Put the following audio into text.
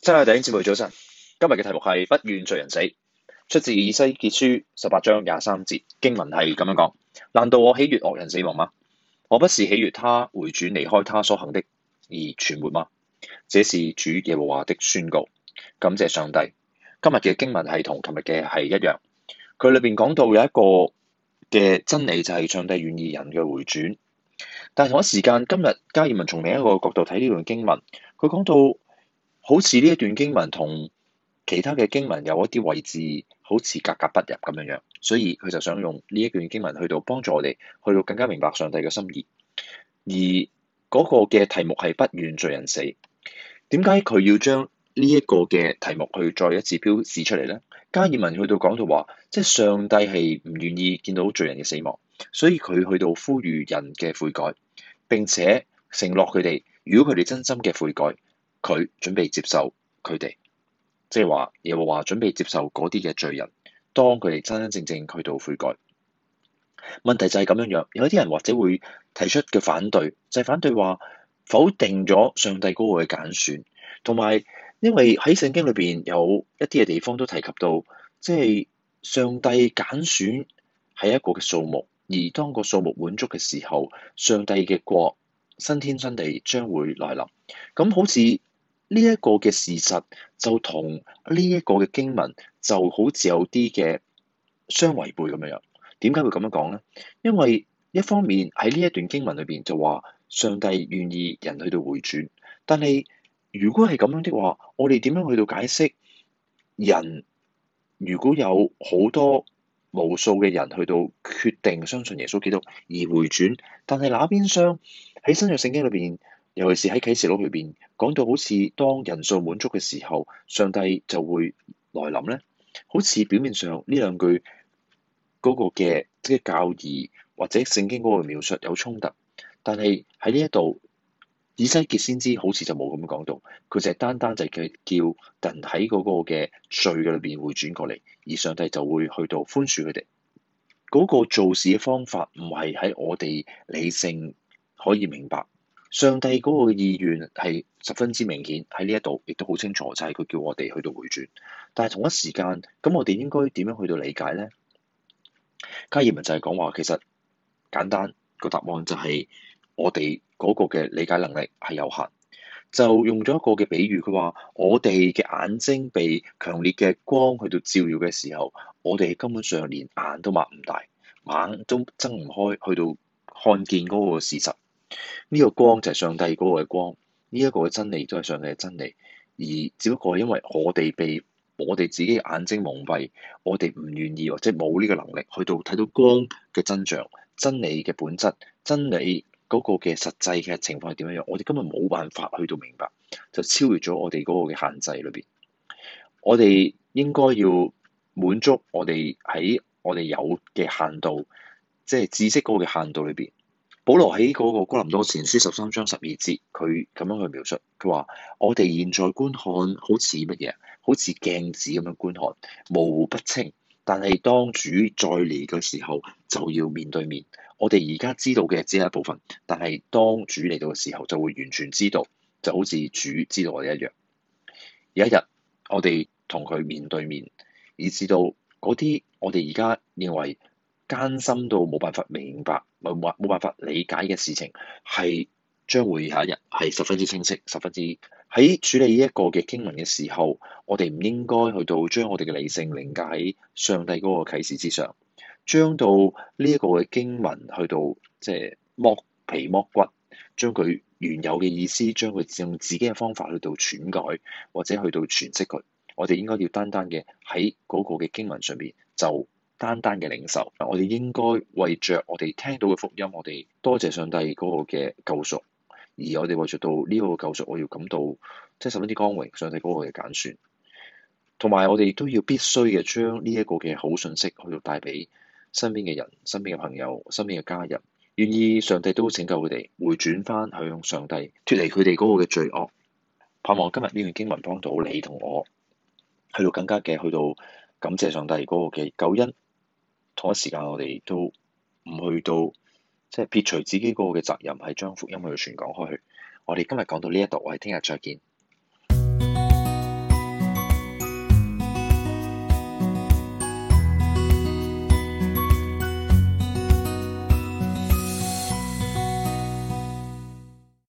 真係頂志報早晨，今日嘅題目係不願罪人死，出自以西結書十八章廿三節，經文係咁樣講：難道我喜悅惡人死亡嗎？我不是喜悅他回轉離開他所行的而存活嗎？這是主耶和華的宣告。感謝上帝，今日嘅經文係同琴日嘅係一樣。佢裏邊講到有一個嘅真理就係上帝願意人嘅回轉，但係同一時間今日加爾文從另一個角度睇呢段經文，佢講到。好似呢一段經文同其他嘅經文有一啲位置好似格格不入咁樣樣，所以佢就想用呢一段經文去到幫助我哋去到更加明白上帝嘅心意。而嗰個嘅題目係不願罪人死，點解佢要將呢一個嘅題目去再一次標示出嚟呢？加爾文去到講到話，即係上帝係唔願意見到罪人嘅死亡，所以佢去到呼籲人嘅悔改，並且承諾佢哋，如果佢哋真心嘅悔改。佢準備接受佢哋，即係話又話準備接受嗰啲嘅罪人，當佢哋真真正正去到悔改。問題就係咁樣樣，有啲人或者會提出嘅反對，就係、是、反對話否定咗上帝嗰個嘅揀選，同埋因為喺聖經裏邊有一啲嘅地方都提及到，即係上帝揀選係一個嘅數目，而當個數目滿足嘅時候，上帝嘅國新天新地將會來臨。咁好似。呢一個嘅事實就同呢一個嘅經文就好似有啲嘅相違背咁樣樣。點解會咁樣講呢？因為一方面喺呢一段經文裏邊就話上帝願意人去到回轉，但係如果係咁樣的話，我哋點樣去到解釋人如果有好多無數嘅人去到決定相信耶穌基督而回轉，但係那邊廂喺新約聖經裏邊？裏面尤其是喺啟示錄裏邊講到，好似當人數滿足嘅時候，上帝就會來臨咧。好似表面上呢兩句嗰個嘅即係教義或者聖經嗰個描述有衝突，但係喺呢一度以西結先知好似就冇咁講到，佢就係單單就係叫叫人喺嗰個嘅罪嘅裏邊會轉過嚟，而上帝就會去到寬恕佢哋。嗰個做事嘅方法，唔係喺我哋理性可以明白。上帝嗰個意願係十分之明顯喺呢一度，亦都好清楚，就係、是、佢叫我哋去到回轉。但係同一時間，咁我哋應該點樣去到理解呢？加爾文就係講話，其實簡單、個答案就係、是、我哋嗰個嘅理解能力係有限。就用咗一個嘅比喻，佢話我哋嘅眼睛被強烈嘅光去到照耀嘅時候，我哋根本上連眼都擘唔大，眼都睜唔開，去到看見嗰個事實。呢個光就係上帝嗰個嘅光，呢一個嘅真理都係上帝嘅真理，而只不過係因為我哋被我哋自己眼睛蒙蔽，我哋唔願意或者冇呢個能力去到睇到光嘅真相、真理嘅本質、真理嗰個嘅實際嘅情況係點樣樣，我哋根本冇辦法去到明白，就超越咗我哋嗰個嘅限制裏邊。我哋應該要滿足我哋喺我哋有嘅限度，即係知識嗰個嘅限度裏邊。保羅喺嗰個哥林多前書十三章十二節，佢咁樣去描述，佢話：我哋現在觀看好似乜嘢？好似鏡子咁樣觀看，模糊不清。但係當主再嚟嘅時候，就要面對面。我哋而家知道嘅只係一部分，但係當主嚟到嘅時候，就會完全知道，就好似主知道我哋一樣。有一日，我哋同佢面對面，而至到嗰啲我哋而家認為艱深到冇辦法明白，咪冇冇辦法理解嘅事情，係將會下一日係十分之清晰，十分之。喺處理呢一個嘅經文嘅時候，我哋唔應該去到將我哋嘅理性凌駕喺上帝嗰個啟示之上，將到呢一個嘅經文去到即係剝皮剝骨，將佢原有嘅意思，將佢用自己嘅方法去到篡改或者去到詮釋佢，我哋應該要單單嘅喺嗰個嘅經文上邊就單單嘅領受，我哋應該為着我哋聽到嘅福音，我哋多謝上帝嗰個嘅救贖，而我哋為着到呢個救贖，我要感到即係十分之光榮。上帝嗰個嘅揀選，同埋我哋都要必須嘅將呢一個嘅好信息去到帶俾身邊嘅人、身邊嘅朋友、身邊嘅家人，願意上帝都拯救佢哋，回轉翻向上帝，脫離佢哋嗰個嘅罪惡。盼望今日呢段經文幫到你同我，去到更加嘅去到感謝上帝嗰個嘅救恩。同一時間，我哋都唔去到，即係撇除自己個嘅責任，係將福音去傳講開去。我哋今日講到呢一度，我哋聽日再見。